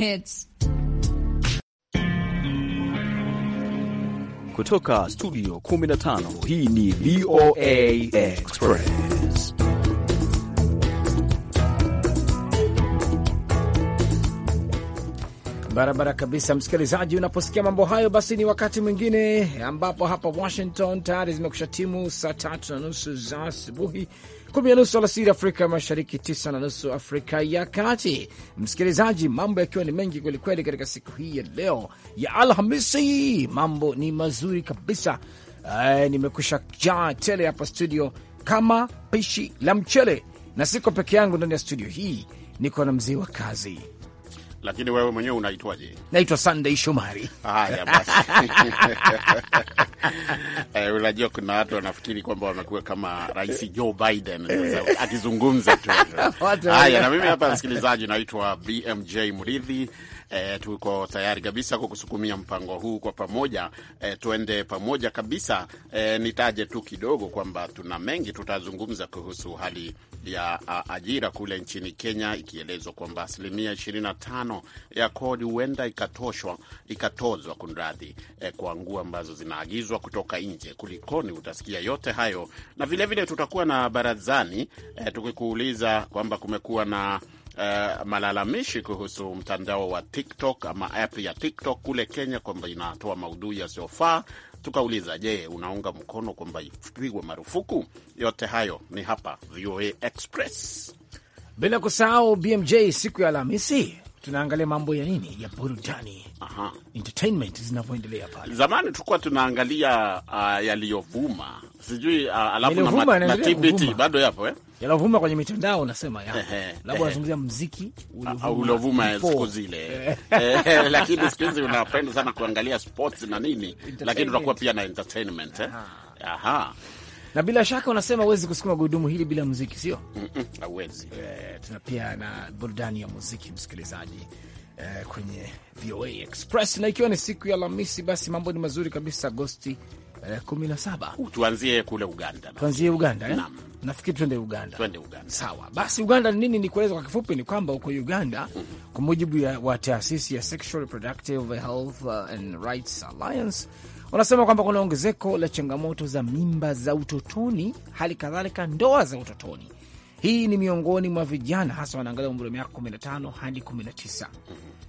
Hits. Kutoka studio 15 hii ni VOA Express. Barabara kabisa, msikilizaji, unaposikia mambo hayo, basi ni wakati mwingine ambapo hapa Washington tayari zimekusha timu saa tatu na nusu za asubuhi kumi na nusu alasiri Afrika Mashariki, tisa na nusu Afrika ya Kati. Msikilizaji, mambo yakiwa ni mengi kwelikweli katika siku hii ya leo ya Alhamisi, mambo ni mazuri kabisa. Ay, eh, nimekusha jaa tele hapa studio kama pishi la mchele, na siko peke yangu ndani ya studio hii, niko na mzee wa kazi lakini wewe mwenyewe unaitwaje? Naitwa Sunday Shomari. Haya basi. Eh, unajua kuna watu wanafikiri kwamba wamekuwa kama Rais Joe Biden akizungumza tu. Haya, na mimi hapa msikilizaji, naitwa BMJ Mridhi e, tuko tayari kabisa kukusukumia mpango huu kwa pamoja e, tuende pamoja kabisa e, nitaje tu kidogo kwamba tuna mengi tutazungumza kuhusu hali ya a, ajira kule nchini Kenya, ikielezwa kwamba asilimia 25 ya kodi huenda ikatoshwa ikatozwa kunradhi, e, kwa nguo ambazo zinaagizwa kutoka nje. Kulikoni? Utasikia yote hayo na vilevile vile tutakuwa na barazani e, tukikuuliza kwamba kumekuwa na uh, malalamishi kuhusu mtandao wa TikTok ama app ya TikTok kule Kenya kwamba inatoa maudhui yasiyofaa. Tukauliza, je, unaunga mkono kwamba ipigwe marufuku? Yote hayo ni hapa VOA Express, bila kusahau BMJ siku ya Alhamisi tunaangalia mambo ya nini ya burudani, aha, entertainment zinavyoendelea pale. Zamani tulikuwa tunaangalia uh, yaliyovuma sijui uh, alafu na ma, na TBT bado yapo eh, yalovuma kwenye mitandao unasema ya labda unazungumzia mziki uliovuma siku zile, lakini siku hizi unapenda sana kuangalia sports na nini, lakini utakuwa pia na entertainment eh, aha, aha na bila shaka unasema huwezi kusukuma gurudumu hili bila muziki, sio? Hauwezi. E, tuna pia na burudani ya muziki msikilizaji, e, kwenye VOA Express na ikiwa ni siku ya Alhamisi, basi mambo ni mazuri kabisa. Agosti e, eh, 17 tuanzie kule Uganda, tuanzie Uganda eh? Nafikiri tuende Uganda. Tuende Uganda. Sawa basi, Uganda ni nini? Ni kueleza kwa kifupi ni kwamba huko Uganda, kwa mujibu wa taasisi ya Sexual Reproductive Health uh, and Rights Alliance wanasema kwamba kuna ongezeko la changamoto za mimba za utotoni, hali kadhalika ndoa za utotoni. Hii ni miongoni mwa vijana hasa wanaangalia umri wa miaka 15 hadi 19.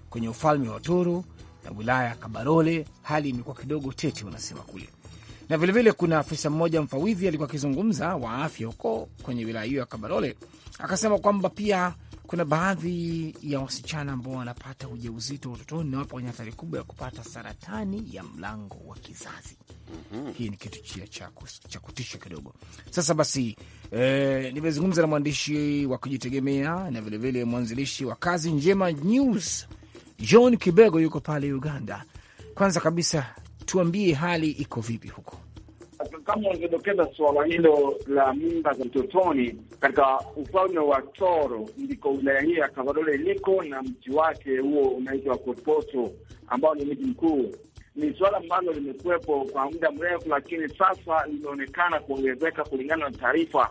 Kwenye ufalme wa toro na wilaya ya Kabarole hali imekuwa kidogo tete, wanasema kule na vilevile vile kuna afisa mmoja mfawidhi alikuwa akizungumza wa afya huko kwenye wilaya hiyo ya Kabarole, akasema kwamba pia kuna baadhi ya wasichana ambao wanapata ujauzito utotoni na wapo kwenye hatari kubwa ya kupata saratani ya mlango wa kizazi. Mm -hmm. Hii ni kitu chia cha kutisha kidogo. Sasa basi, eh, nimezungumza na mwandishi wa kujitegemea na vilevile mwanzilishi wa Kazi Njema News John Kibego, yuko pale Uganda. Kwanza kabisa tuambie hali iko vipi huko? kama ulivyodokeza suala hilo la mimba za mtotoni katika ufalme wa Toro ndiko wilaya hii ya Kavarole iliko na mji wake huo unaitwa Kopoto ambao ni mji mkuu. Ni suala ambalo limekuwepo kwa muda mrefu, lakini sasa limeonekana kuongezeka kulingana na taarifa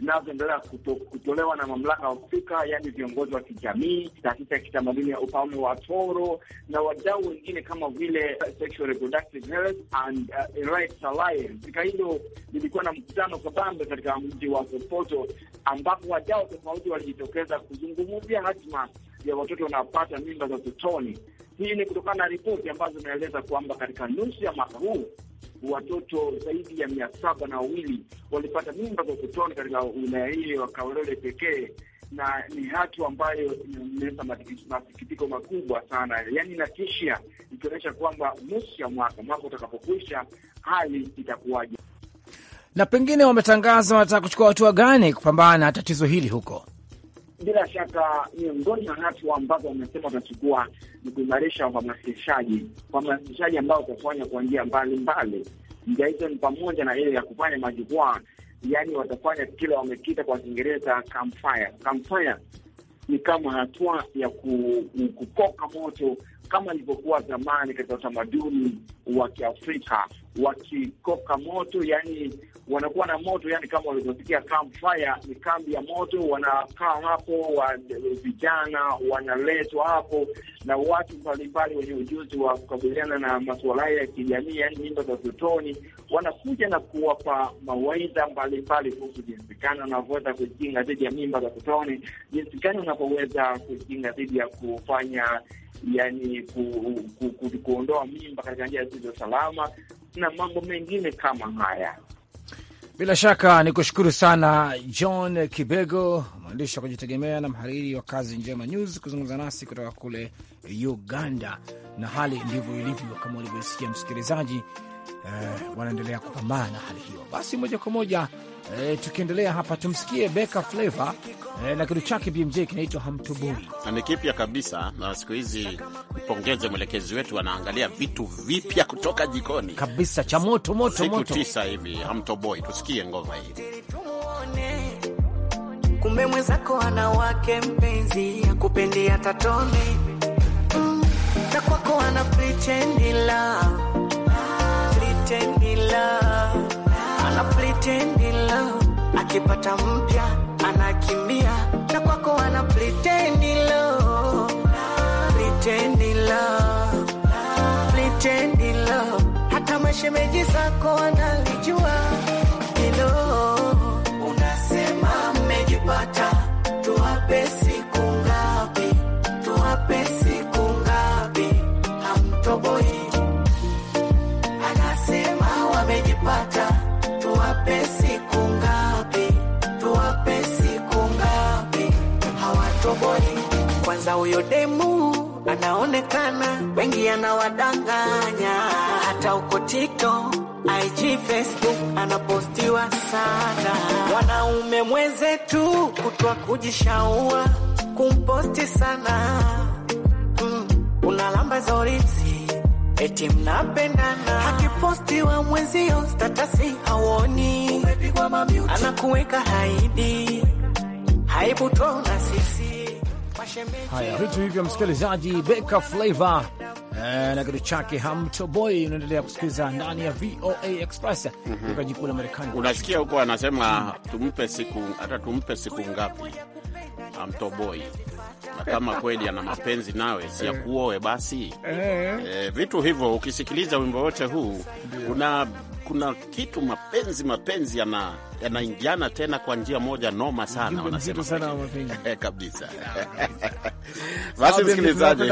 zinazoendelea kuto, kutolewa na mamlaka husika, yaani viongozi wa kijamii, taasisi ya kitamaduni ya ufalme wa Toro na wadau wengine kama vile uh, Sexual Reproductive Health and uh, Rights Alliance. Katika hilo lilikuwa na mkutano kabambe katika mji wa Sopoto ambapo wadau tofauti walijitokeza kuzungumzia hatima ya watoto wanaopata mimba za utotoni hii ni kutokana na ripoti ambazo zinaeleza kwamba katika nusu ya mwaka huu watoto zaidi ya mia saba na wawili walipata mimba za utotoni katika wilaya hiyo ya Kawerere pekee, na ni hatua ambayo imeleta masikitiko makubwa sana, yaani inatishia, ikionyesha kwamba nusu ya mwaka mwaka utakapokwisha hali itakuwaje, na pengine wametangaza wanataka kuchukua hatua gani kupambana na tatizo hili huko bila shaka miongoni mwa hatua ambazo wamesema watachukua ni kuimarisha uhamasishaji, uhamasishaji ambao utafanya kwa njia mbalimbali. Njia hizo ni pamoja na ile ya kufanya majukwaa, yaani watafanya kile wamekita kwa Kiingereza campfire. Campfire ni kama hatua ya ku, kukoka moto kama ilivyokuwa zamani katika utamaduni wa Kiafrika wakikoka moto, yani wanakuwa na moto, yani kama walivyosikia campfire ni kambi ya moto. Wanakaa hapo, vijana wanaletwa hapo na watu mbalimbali wenye ujuzi wa kukabiliana na masuala haya ya kijamii, yani nyumba za utotoni, wanakuja na kuwapa mawaidha mbalimbali kuhusu jinsi gani wanavyoweza kujikinga dhidi ya mimba za utotoni, jinsi gani kujinga kujikinga dhidi ya kufanya yani ku, ku, ku, kuondoa mimba katika njia zilizo salama na mambo mengine kama haya. Bila shaka ni kushukuru sana John Kibego, mwandishi wa kujitegemea na mhariri wa Kazi Njema News, kuzungumza nasi kutoka kule Uganda. Na hali ndivyo ilivyo, kama ulivyosikia msikilizaji eh, wanaendelea kupambana na hali hiyo. Basi moja kwa moja eh, tukiendelea hapa tumsikie Beka Flava eh, na kitu chake BMJ kinaitwa hamtubui. Ni kipya kabisa na siku hizi, mpongeze mwelekezi wetu, anaangalia vitu vipya kutoka jikoni kabisa, cha moto moto siku tisa hivi hamtoboi, tusikie ngoma hii Kumbe mwenzako anawake mpenzi akupendi hata mm, na kwako ana pretend love pretend in love, ana pretend in love, akipata mpya anakimbia na kwako, ana pretend in love, pretend in love, pretend in love, hata mashemeji zako analijua hilo. Unasema mmejipata, tuwape huyo demu anaonekana, wengi anawadanganya, hata uko TikTok, IG, Facebook anapostiwa sana. Wanaume mwenzetu kutwa kujishaua kumposti sana mm, lamba zoritsi eti mnapendana, akipostiwa mwenzio statasi hawoni, anakuweka haidi haibu tona sisi Haya, vitu hivyo, msikilizaji, Beka flavor eh, na kitu chake Hamtoboi. Unaendelea kusikiliza ndani ya VOA Express mhm. kutoka jikuu la Marekani. Unasikia huko anasema tumpe siku, hata tumpe siku ngapi Hamtoboi na kama kweli ana mapenzi nawe si akuoe eh. basi. E, vitu hivyo ukisikiliza wimbo wote huu kuna kuna kitu mapenzi mapenzi yana yanaingiana tena kwa njia moja noma sana, wanasema sana kabisa. Basi msikilizaji,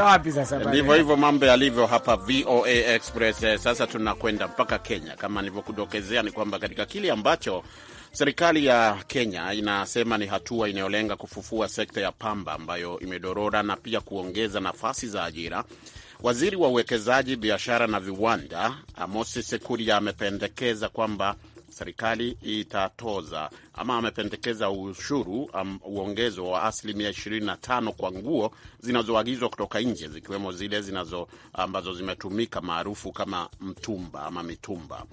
ndivyo hivyo mambo yalivyo hapa VOA Express. Sasa tunakwenda mpaka Kenya. Kama nilivyokudokezea, ni kwamba katika kile ambacho Serikali ya Kenya inasema ni hatua inayolenga kufufua sekta ya pamba ambayo imedorora na pia kuongeza nafasi za ajira. Waziri wa uwekezaji, biashara na viwanda Amosi Sekuria amependekeza kwamba serikali itatoza ama amependekeza ushuru um, uongezo wa asilimia 25 kwa nguo zinazoagizwa kutoka nje zikiwemo zile zinazo ambazo zimetumika maarufu kama mtumba ama mitumba.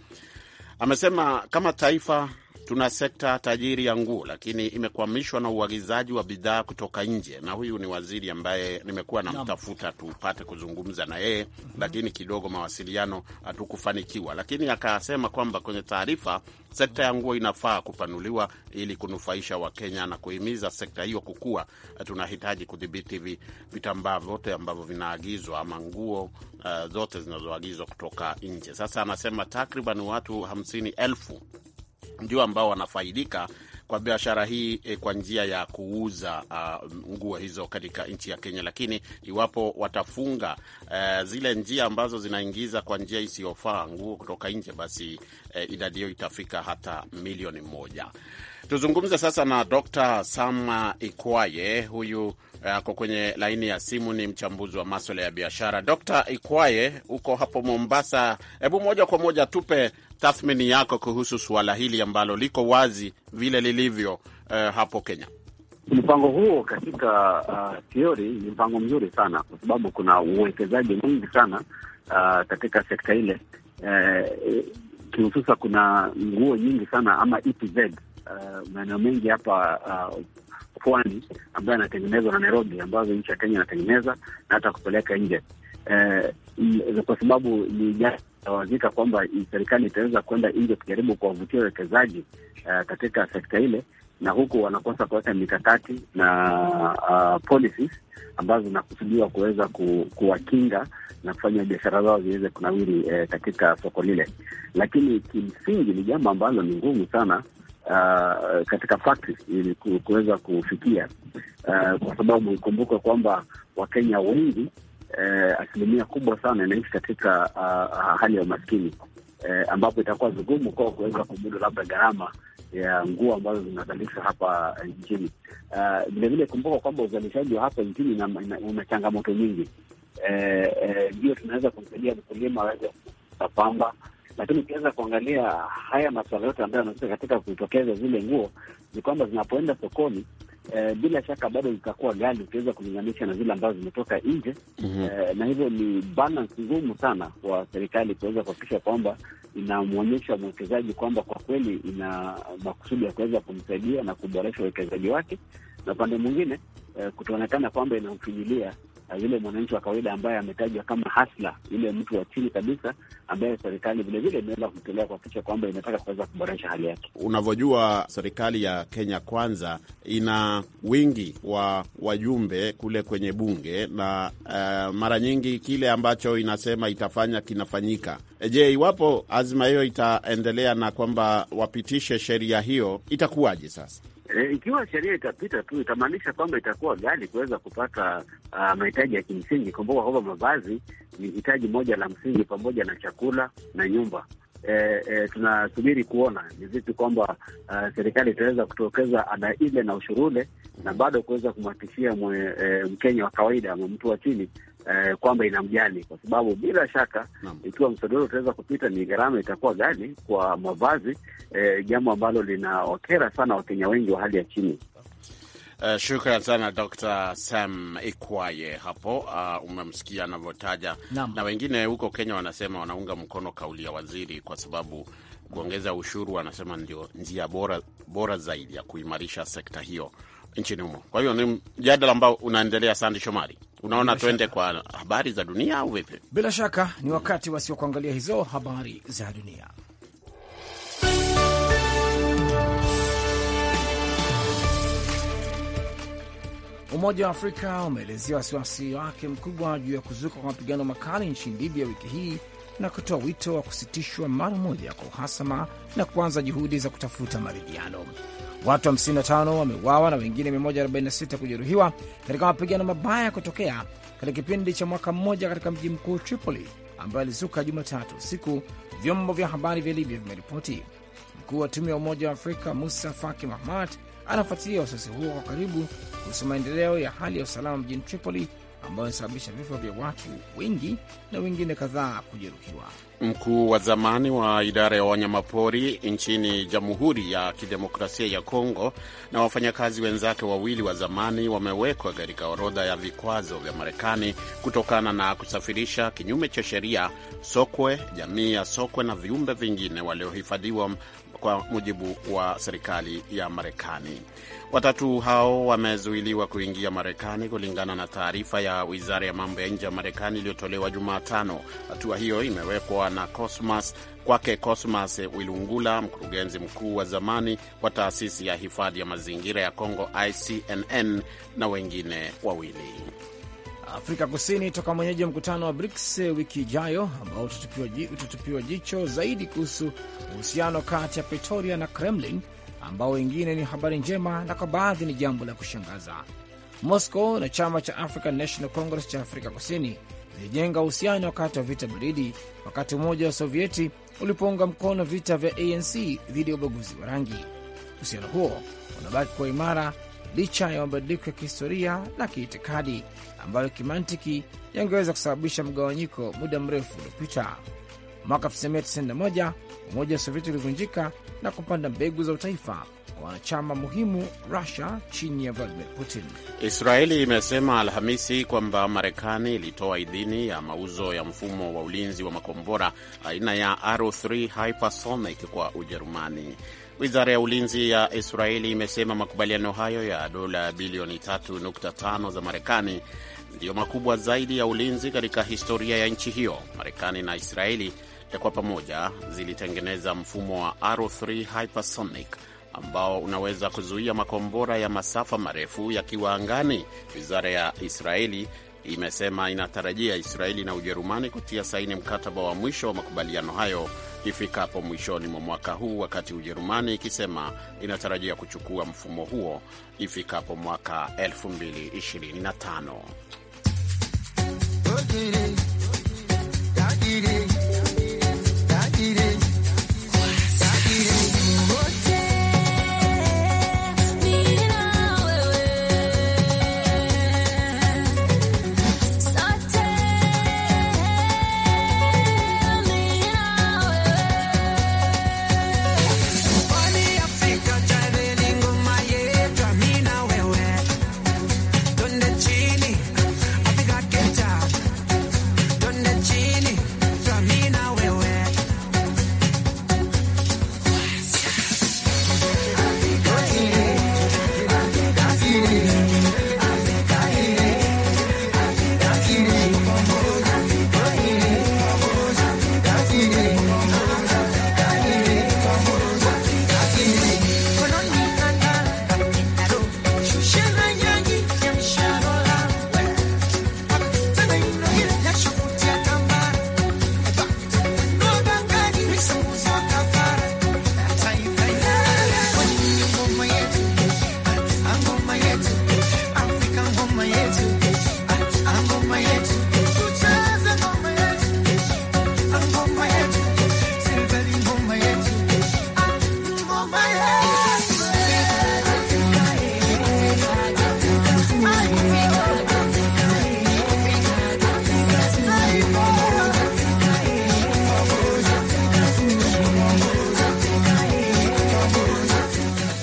Amesema kama taifa Tuna sekta tajiri ya nguo, lakini imekwamishwa na uagizaji wa bidhaa kutoka nje, na huyu ni waziri ambaye nimekuwa namtafuta tupate kuzungumza na yeye mm -hmm. Lakini kidogo mawasiliano hatukufanikiwa, lakini akasema kwamba kwenye taarifa, sekta ya nguo inafaa kupanuliwa ili kunufaisha Wakenya na kuhimiza sekta hiyo kukua. Tunahitaji kudhibiti vitambaa vyote ambavyo vinaagizwa ama nguo uh, zote zinazoagizwa kutoka nje. Sasa anasema takriban watu hamsini elfu ndio ambao wanafaidika kwa biashara hii eh, kwa njia ya kuuza uh, nguo hizo katika nchi ya Kenya. Lakini iwapo watafunga uh, zile njia ambazo zinaingiza kwa njia isiyofaa nguo kutoka nje, basi eh, idadi hiyo itafika hata milioni moja. Tuzungumze sasa na Dr. Sam Ikwaye, huyu Eh, ako kwenye laini ya simu ni mchambuzi wa maswala ya biashara Dr. Ikwaye, uko hapo Mombasa. Hebu moja kwa moja tupe tathmini yako kuhusu suala hili ambalo liko wazi vile lilivyo eh, hapo Kenya. Mpango huo katika uh, ni mpango mzuri sana kwa sababu kuna uwekezaji mwingi sana uh, katika sekta ile uh, kihususa kuna nguo nyingi sana ama EPZ uh, ah, maeneo mengi hapa uh, pwani ambayo yanatengenezwa na Nairobi ambazo nchi ya Kenya inatengeneza na hata kupeleka nje eh, kwa sababu ni jawazika kwamba serikali itaweza kwenda nje kujaribu kuwavutia wawekezaji eh, katika sekta ile, na huku wanakosa kuweka mikakati na uh, policies ambazo zinakusudiwa kuweza ku, kuwakinga na kufanya biashara zao ziweze kunawiri eh, katika soko lile. Lakini kimsingi ni jambo ambalo ni ngumu sana uh, katika factory ili kuweza kufikia uh, kwa sababu ikumbuka kwamba Wakenya wengi uh, asilimia kubwa sana inaishi katika uh, hali ya umaskini uh, ambapo itakuwa vigumu kwao kuweza kumudu labda gharama ya nguo ambazo zinazalishwa hapa uh, nchini. Vilevile uh, kumbuka kwamba uzalishaji wa hapa nchini una changamoto nyingi. Ndio uh, uh, tunaweza kumsaidia mkulima aweze kupata pamba lakini ukiweza kuangalia haya masuala yote ambayo yanahusika katika kutokeza zile nguo, ni kwamba zinapoenda sokoni E, bila shaka bado zitakuwa gali ukiweza kulinganisha na zile ambazo zimetoka nje. mm -hmm. E, na hivyo ni balance ngumu sana kwa serikali kuweza kuhakikisha kwamba inamwonyesha mwekezaji kwamba kwa kweli ina makusudi ya kuweza kumsaidia na kuboresha uwekezaji wake, na upande mwingine e, kutoonekana kwamba inamfinyilia yule mwananchi wa kawaida ambaye ametajwa kama hasla, yule mtu wa chini kabisa ambaye serikali vilevile imeweza kumtolea kuhakikisha kwamba inataka kuweza kuboresha hali yake. Unavyojua, serikali ya Kenya Kwanza ina wingi wa wajumbe kule kwenye bunge na uh, mara nyingi kile ambacho inasema itafanya kinafanyika. Je, iwapo azima hiyo itaendelea na kwamba wapitishe sheria hiyo itakuwaje sasa? E, ikiwa sheria itapita tu itamaanisha kwamba itakuwa ghali kuweza kupata uh, mahitaji ya kimsingi. Kumbuka kwamba mavazi ni hitaji moja la msingi pamoja na chakula na nyumba. E, e, tunasubiri kuona ni vipi kwamba uh, serikali itaweza kutokeza ada ile na ushurule na bado kuweza kumwakishia e, Mkenya wa kawaida ama mtu wa chini eh, kwamba inamjali, kwa sababu bila shaka Naam. ikiwa msodoro utaweza kupita ni gharama itakuwa gani kwa mavazi eh, jambo ambalo linawakera sana Wakenya wengi wa hali ya chini. Uh, shukran sana Dr. Sam Ikwaye hapo. Uh, umemsikia anavyotaja na wengine huko Kenya wanasema wanaunga mkono kauli ya waziri kwa sababu kuongeza ushuru wanasema ndio njia bora, bora zaidi ya kuimarisha sekta hiyo nchini humo. Kwa hiyo ni mjadala ambao unaendelea. Sandi Shomari. Unaona, twende kwa habari za dunia au vipi? Bila shaka ni wakati wasiokuangalia kuangalia hizo habari za dunia. Umoja wa Afrika umeelezea wasiwasi wake mkubwa juu ya kuzuka kwa mapigano makali nchini Libya wiki hii na kutoa wito wa kusitishwa mara moja kwa uhasama na kuanza juhudi za kutafuta maridhiano. Watu 55 wameuawa na wengine 146 kujeruhiwa katika mapigano mabaya ya kutokea katika kipindi cha mwaka mmoja katika mji mkuu Tripoli ambayo alizuka Jumatatu usiku, vyombo vya habari vya Libya vimeripoti. Mkuu wa tume ya Umoja wa Afrika Musa Faki Mahamat anafuatilia wasiwasi huo kwa karibu kuhusu maendeleo ya hali ya usalama mjini Tripoli ambayo inasababisha vifo vya watu wengi na wengine kadhaa kujeruhiwa. Mkuu wa zamani wa idara ya wanyamapori nchini Jamhuri ya Kidemokrasia ya Kongo na wafanyakazi wenzake wawili wa zamani wamewekwa katika orodha ya vikwazo vya Marekani kutokana na kusafirisha kinyume cha sheria sokwe, jamii ya sokwe na viumbe vingine waliohifadhiwa kwa mujibu wa serikali ya Marekani. Watatu hao wamezuiliwa kuingia Marekani kulingana na taarifa ya wizara ya mambo ya nje ya Marekani iliyotolewa Jumatano. Hatua hiyo imewekwa na Cosmas kwake Cosmas Wilungula, mkurugenzi mkuu wa zamani wa taasisi ya hifadhi ya mazingira ya congo ICNN na wengine wawili. Afrika Kusini toka mwenyeji wa mkutano wa BRICS wiki ijayo ambao utatupiwa jicho zaidi kuhusu uhusiano kati ya Pretoria na Kremlin, ambao wengine ni habari njema na kwa baadhi ni jambo la kushangaza. Moscow na chama cha African National Congress cha Afrika Kusini zilijenga uhusiano wakati wa vita baridi, wakati Umoja wa Sovieti ulipounga mkono vita vya ANC dhidi ya ubaguzi wa rangi. Uhusiano huo unabaki kuwa imara licha ya mabadiliko ya kihistoria na kiitikadi ambayo kimantiki yangeweza kusababisha mgawanyiko muda mrefu uliopita. Mwaka 1991 Umoja wa Sovieti ulivunjika na kupanda mbegu za utaifa kwa wanachama muhimu Rusia chini ya Vladimir Putin. Israeli imesema Alhamisi kwamba Marekani ilitoa idhini ya mauzo ya mfumo wa ulinzi wa makombora aina ya R3 hypersonic kwa Ujerumani. Wizara ya ulinzi ya Israeli imesema makubaliano hayo ya dola bilioni 3.5 za Marekani ndiyo makubwa zaidi ya ulinzi katika historia ya nchi hiyo. Marekani na Israeli kwa pamoja zilitengeneza mfumo wa R3 hypersonic ambao unaweza kuzuia makombora ya masafa marefu yakiwa angani. Wizara ya Israeli imesema inatarajia Israeli na Ujerumani kutia saini mkataba wa mwisho wa makubaliano hayo ifikapo mwishoni mwa mwaka huu, wakati Ujerumani ikisema inatarajia kuchukua mfumo huo ifikapo mwaka 2025.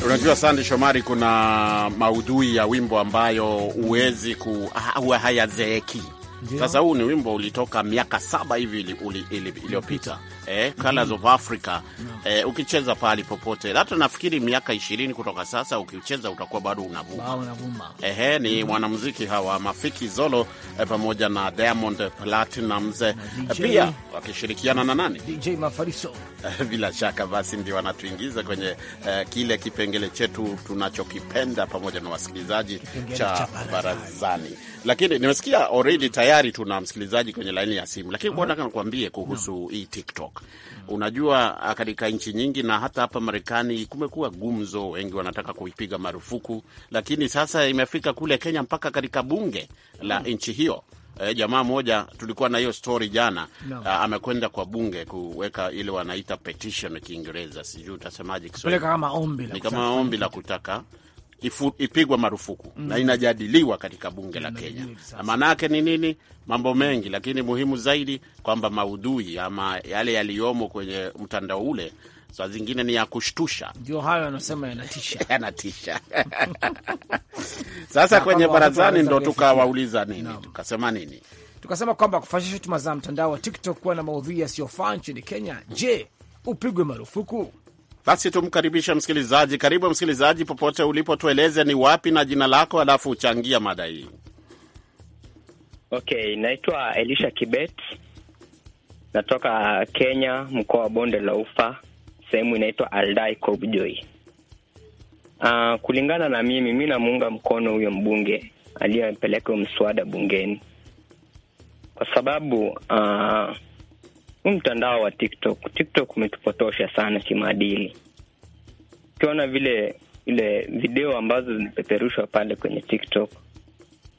Unajua Sandi Shomari, kuna maudhui ya wimbo ambayo huwezi ku huwa hayazeeki sasa huu ni wimbo ulitoka miaka saba hivi iliyopita, eh, Colors of Africa. Eh, ukicheza pahali popote, hata nafikiri miaka ishirini kutoka sasa, ukicheza utakuwa bado unavuma. Eh, ni mm-hmm. mwanamuziki hawa Mafiki Zolo eh, pamoja na Diamond Platnumz eh, pia wakishirikiana na nani, DJ Mafariso eh, bila shaka basi ndio wanatuingiza kwenye eh, kile kipengele chetu tunachokipenda pamoja na wasikilizaji cha barazani, lakini nimesikia already tayari tuna msikilizaji kwenye laini ya simu, lakini kwa nataka nikwambie kuhusu hii TikTok. Unajua, ah, katika nchi nyingi na hata hapa Marekani kumekuwa gumzo, wengi wanataka kuipiga marufuku, lakini sasa imefika kule Kenya mpaka katika bunge la nchi hiyo. E, jamaa moja tulikuwa na hiyo story jana no. Ah, amekwenda kwa bunge kuweka ile wanaita petition Kiingereza, sijui utasemaje Kiswahili, kama ombi la kutaka ipigwa marufuku mm. na inajadiliwa katika bunge la Kenya. Maana yake ni nini? Mambo mengi, lakini muhimu zaidi kwamba maudhui ama yale yaliyomo kwenye mtandao ule saa zingine ni ya kushtusha, ndio hayo anasema yanatisha, yanatisha. Sasa kwenye barazani ndo tukawauliza nini no. tukasema nini tukasema kwamba kufuatisha shutuma za mtandao wa TikTok kuwa na maudhui yasiyofaa nchini Kenya, je, upigwe marufuku? Basi tumkaribishe msikilizaji. Karibu msikilizaji, popote ulipo, tueleze ni wapi na jina lako, alafu uchangia mada hii. Okay, naitwa Elisha Kibet, natoka Kenya, mkoa wa Bonde la Ufa, sehemu inaitwa Aldai Kobjoi. Uh, kulingana na mimi, mi namuunga mkono huyo mbunge aliyepeleka huyo mswada bungeni kwa sababu uh, huu mtandao wa TikTok, TikTok umetupotosha sana kimaadili. Ukiona vile ile video ambazo zinapeperushwa pale kwenye TikTok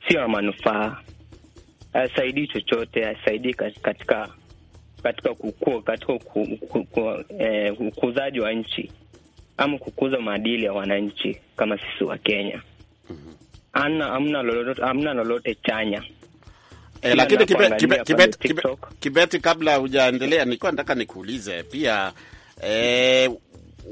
sio ya manufaa, hayasaidii chochote, hayasaidii katika katika kukua, katika eh, ukuzaji eh, wa nchi ama kukuza maadili ya wananchi kama sisi wa Kenya. Mhm. amna lolote, lolote chanya E, lakini Kibeti, Kibeti, Kibeti, Kibeti, kabla hujaendelea nilikuwa nataka nikuulize pia e,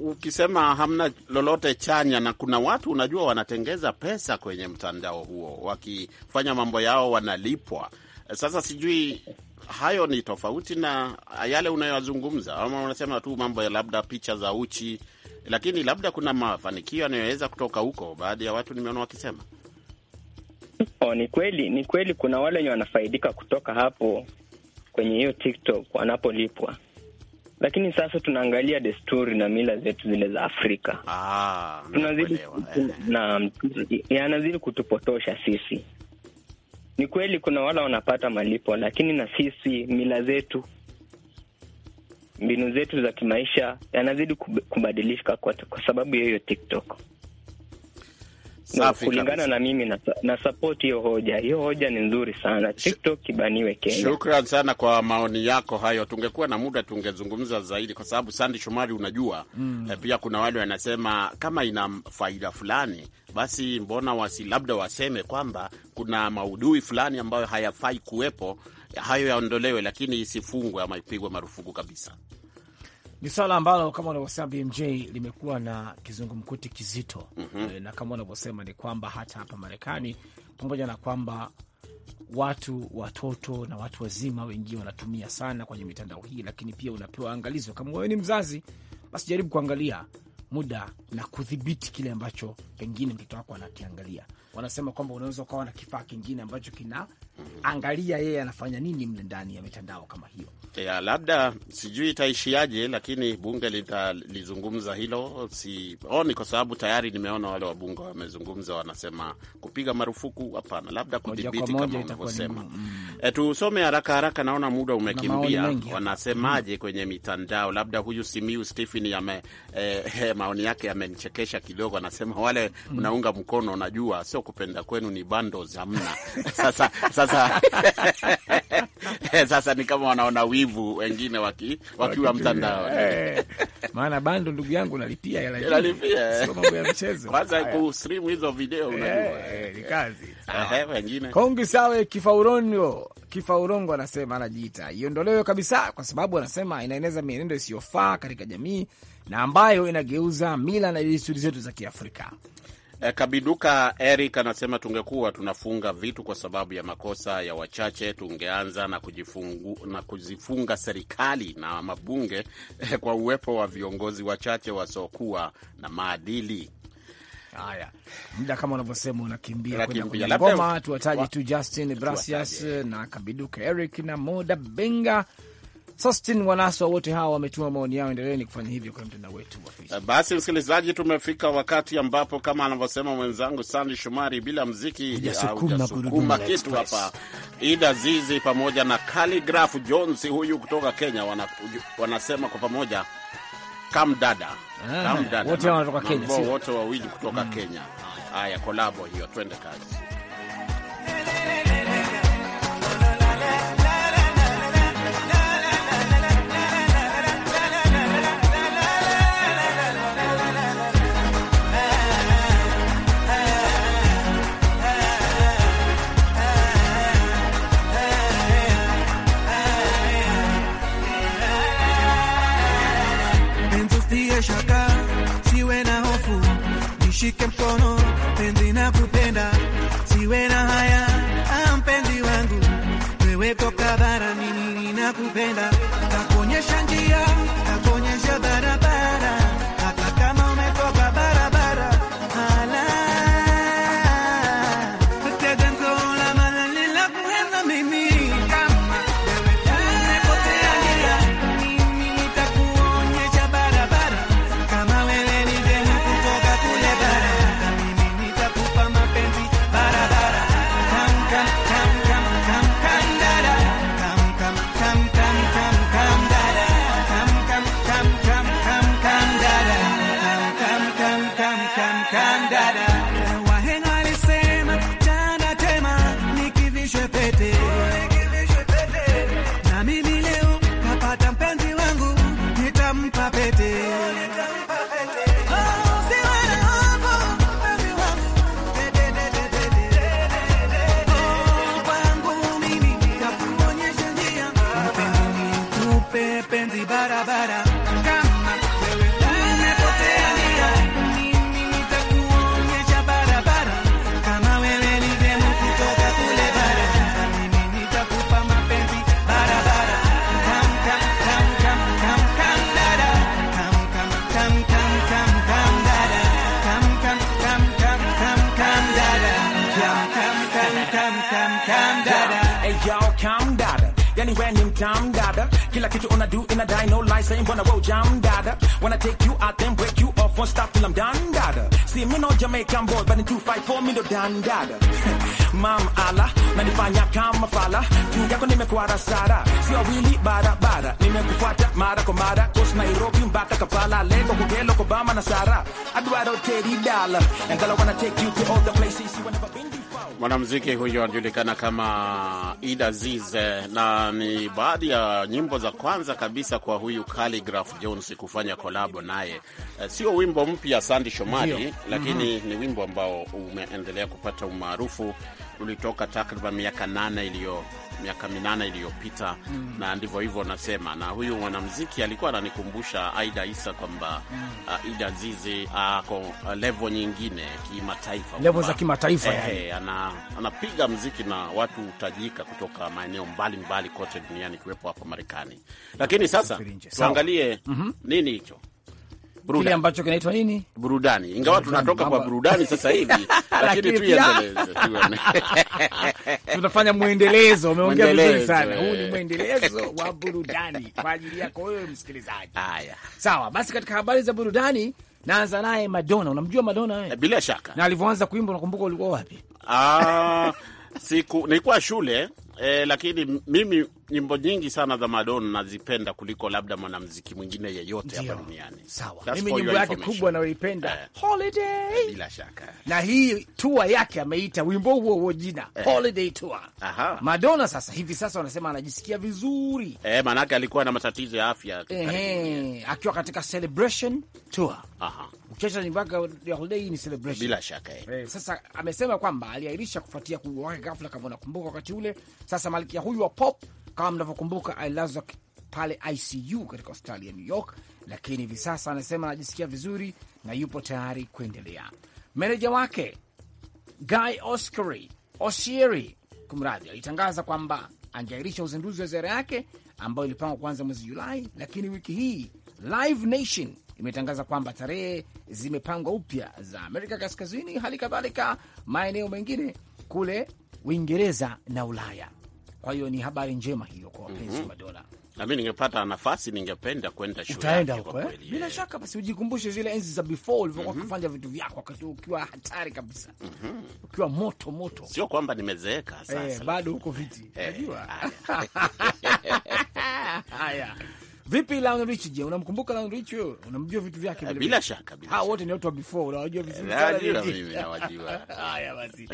ukisema hamna lolote chanya, na kuna watu unajua wanatengeza pesa kwenye mtandao huo, wakifanya mambo yao wanalipwa. Sasa sijui hayo ni tofauti na yale unayoyazungumza, ama unasema tu mambo ya labda picha za uchi, lakini labda kuna mafanikio yanayoweza kutoka huko, baadhi ya watu nimeona wakisema Oh, ni kweli, ni kweli kuna wale wenye wanafaidika kutoka hapo kwenye hiyo TikTok wanapolipwa, lakini sasa tunaangalia desturi na mila zetu zile za Afrika. Ah, eh. yanazidi kutupotosha sisi. Ni kweli kuna wale wanapata malipo, lakini na sisi mila zetu, mbinu zetu za kimaisha yanazidi kubadilika kwa, kwa sababu ya hiyo TikTok kulingana na mimi na, na support hiyo hoja. Hiyo hoja ni nzuri sana. TikTok ibaniwe Kenya. Shukran sana kwa maoni yako hayo. Tungekuwa na muda tungezungumza zaidi, kwa sababu Sandi Shomari, unajua mm. E, pia kuna wale wanasema kama ina faida fulani basi mbona wasi labda waseme kwamba kuna maudhui fulani ambayo hayafai kuwepo, hayo yaondolewe, lakini isifungwe ama ipigwe marufuku kabisa ni swala ambalo kama unavyosema BMJ limekuwa na kizungumkuti kizito mm -hmm. na kama unavyosema ni kwamba hata hapa Marekani pamoja na kwamba watu watoto na watu wazima wengine wanatumia sana kwenye mitandao hii, lakini pia unapewa angalizo. Kama wewe ni mzazi, basi jaribu kuangalia muda na kudhibiti kile ambacho pengine mtoto wako anakiangalia. Wanasema kwamba unaweza ukawa na kifaa kingine ambacho kina mm -hmm. Angalia yeye anafanya nini mle ndani ya mitandao kama hiyo ya, labda sijui itaishiaje, lakini bunge litalizungumza hilo, sioni, oh, kwa sababu tayari nimeona wale wabunge wamezungumza, wanasema kupiga marufuku hapana, labda kudhibiti kama unavyosema. E, tusome haraka haraka, naona muda umekimbia. Wanasemaje mm. kwenye mitandao? Labda huyu Simiu Stephen yame eh, maoni yake yamenichekesha kidogo, anasema wale mm. mnaunga mkono, najua sio kupenda kwenu, ni bundles hamna sasa, sasa sasa sasa ni kama wanaona wivu wengine waki, wakiwa mtandao eh. Maana bando ndugu yangu nalipia hela hiyo nalipia, sio mambo ya mchezo. Kwanza ku stream hizo video eh, unajua eh, ni kazi eh, wengine kongi sawe kifaurongo kifaurongo, anasema anajiita iondolewe kabisa, kwa sababu anasema inaeneza mienendo isiyofaa katika jamii na ambayo inageuza mila na desturi zetu za Kiafrika. E, eh, Kabiduka Eric anasema tungekuwa tunafunga vitu kwa sababu ya makosa ya wachache, tungeanza na, kujifungu, na kuzifunga serikali na mabunge e, kwa uwepo wa viongozi wachache wasiokuwa na maadili. Haya, muda kama unavyosema unakimbia kwenda ngoma. Tuwataje tu Justin Brasias na Kabiduka Eric na Moda Benga Sostin Wanaswa, wote hawa wametuma maoni yao. Endeleeni kufanya hivyo kwenye mtandao wetu wa Facebook. Eh, basi msikilizaji, tumefika wakati ambapo kama anavyosema mwenzangu Sandi shumari bila mziki hujasukuma kitu hapa. Ida Zizi pamoja na Kaligraf Jones huyu kutoka Kenya wana, wanasema kwa pamoja Kam dada, ah, wote wawili kutoka mm. Kenya. Haya, kolabo hiyo, twende kazi. usiwe shaka, siwe na hofu, nishike mkono, penzi na kupenda, siwe na haya, ampenzi ah, wangu, wewe toka barani, ninakupenda, takuonyesha njia yani we ni mtam dada, kila kitu una do in a die no lie saying wanna roll jam dada, wanna take you out then break you off won't stop till I'm done dada. See me no Jamaican boy but in 254 me no dan dada. Mam ala nanifanya kama fala juu yako nimekwara sara sio wili barabara nimekufuata mara kwa mara kos Nairobi mpaka um, Kampala lengo kugelo Kobama na Sara aduaro teri dala and gala wanna take you to all the places you never been Mwanamuziki huyo anajulikana kama Ida Zize eh, na ni baadhi ya nyimbo za kwanza kabisa kwa huyu Khaligraph Jones kufanya kolabo naye. Eh, sio wimbo mpya Sandi Shomari, lakini mm -hmm. ni wimbo ambao umeendelea kupata umaarufu, ulitoka takriban miaka nane iliyo miaka minane iliyopita mm na ndivyo hivyo nasema, na huyu mwanamziki alikuwa ananikumbusha Aida Isa kwamba mm uh, Ida Zizi uh, ako uh, levo nyingine kimataifa, levo za kimataifa eh, yani. Anapiga ana na watu hutajika kutoka maeneo mbalimbali kote duniani ikiwepo hapa Marekani, lakini sasa tuangalie mm -hmm. nini hicho kile ambacho kinaitwa nini, burudani. Ingawa tunatoka kwa burudani sasa hivi, lakini tuendeleze, tunafanya mwendelezo. Umeongea vizuri sana, huu ni eh. mwendelezo wa burudani kwa ajili yako wewe msikilizaji. Haya, sawa basi, katika habari za burudani Naanza naye Madonna. Unamjua Madonna wewe? Eh? Eh, bila shaka. Na alivyoanza kuimba unakumbuka ulikuwa wapi? Ah, siku nilikuwa shule E, lakini mimi nyimbo nyingi sana za Madonna nazipenda kuliko labda mwanamuziki mwingine yeyote hapa duniani. Sawa, mimi nyimbo yake kubwa nayoipenda eh. Holiday, eh, bila shaka, na hii tour yake ameita wimbo huo huo jina madona Holiday Tour. Aha. Madonna sasa hivi sasa wanasema anajisikia vizuri eh, maanake alikuwa na matatizo ya afya akiwa katika Celebration Tour. Aha kucheza ni mpaka ya holiday ni celebration, bila shaka eh. eh. Sasa amesema kwamba aliahirisha kufuatia kuugua kwake ghafla, kama unakumbuka wakati ule. Sasa malkia huyu wa pop kama mnavyokumbuka alilazwa pale ICU katika hospitali ya New York, lakini hivi sasa anasema anajisikia vizuri na yupo tayari kuendelea. Meneja wake Guy Oscari Osieri, kumradhi, alitangaza kwamba angeahirisha uzinduzi wa ziara yake ambayo ilipangwa kuanza mwezi Julai, lakini wiki hii Live Nation imetangaza kwamba tarehe zimepangwa upya za Amerika Kaskazini, hali kadhalika maeneo mengine kule Uingereza na Ulaya. Kwa hiyo ni habari njema hiyo kwa wapenzi mm -hmm. madola nami ningepata nafasi ningependa kwenda shule. Utaenda huko eh? bila eh. shaka, basi ujikumbushe zile enzi za before ulivyokuwa mm -hmm. kufanya vitu vyako wakati ukiwa hatari kabisa mm -hmm. ukiwa moto moto, sio kwamba nimezeeka sasa eh, bado huko viti najua eh. haya Vipi Lionel Rich? Je, unamkumbuka Lionel Rich? unamjua vitu vyake eh, vile? Bila shaka, bila shaka. Wote ni watu wa before, unawajua vizuri sana. Mimi nawajua. Haya basi,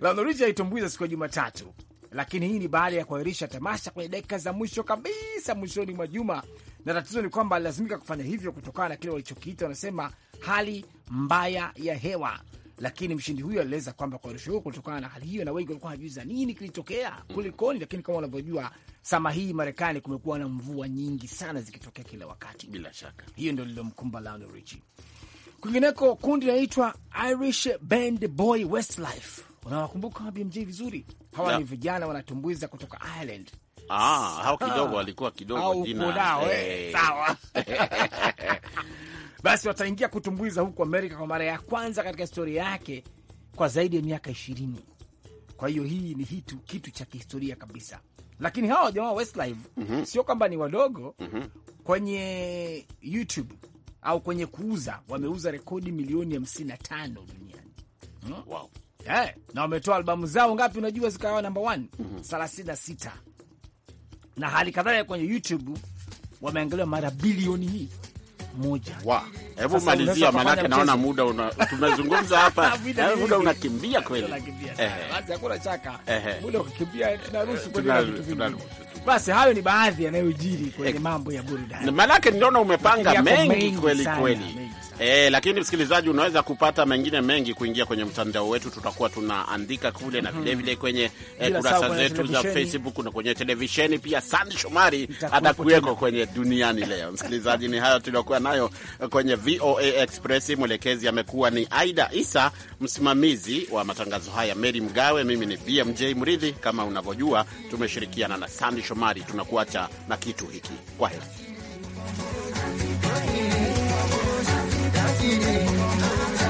Lionel Rich aitumbuiza siku ya Jumatatu, lakini hii ni baada ya kuahirisha tamasha kwenye dakika za mwisho kabisa mwishoni mwa juma, na tatizo ni kwamba alilazimika kufanya hivyo kutokana na kile walichokiita wanasema hali mbaya ya hewa lakini mshindi huyo alieleza kwamba kwa huo kutokana na hali hiyo, na wengi walikuwa hawajuiza nini kilitokea mm. kulikoni. Lakini kama unavyojua, sama hii Marekani kumekuwa na mvua nyingi sana zikitokea kila wakati. Bila shaka hiyo ndio lilomkumba Lionel Richie. Kwingineko, kundi linaitwa Irish Band Boy Westlife, unawakumbuka BMJ vizuri. Hawa yeah, ni vijana wanatumbuiza kutoka Ireland. Ah, hao kidogo ah. walikuwa kidogo jina. Eh. Sawa. basi wataingia kutumbuiza huku Amerika kwa mara ya kwanza katika historia yake kwa zaidi ya miaka ishirini. Kwa hiyo hii ni hitu, kitu cha kihistoria kabisa. Lakini hawa jamaa Westlife mm -hmm. sio kwamba ni wadogo mm -hmm. kwenye YouTube au kwenye kuuza, wameuza rekodi milioni hamsini na tano duniani hmm? wow. yeah. na wametoa albamu zao ngapi? Unajua zikawa namba 1 mhm. thelathini na sita mm -hmm. na hali kadhalika kwenye YouTube wameangaliwa mara bilioni hii moja. Wa, hebu malizia, maanake naona muda una tumezungumza hapa muda unakimbia kweli. Basi hakuna shaka, muda ukikimbia tunaruhusu kwa vitu vingi. Basi hayo ni baadhi yanayojiri kwenye mambo ya burudani, maanake niliona umepanga mengi kweli kweli. E, lakini msikilizaji, unaweza kupata mengine mengi kuingia kwenye mtandao wetu, tutakuwa tunaandika kule na vilevile vile kwenye e, kurasa zetu za Facebook na kwenye televisheni pia. Sandi Shomari atakuweko kwenye duniani leo. Msikilizaji, ni hayo tuliokuwa nayo kwenye VOA Express. Mwelekezi amekuwa ni Aida Isa, msimamizi wa matangazo haya Meri Mgawe, mimi ni BMJ Mridhi. Kama unavyojua, tumeshirikiana na Sandi Shomari. Tunakuacha na kitu hiki, kwa heri. 何？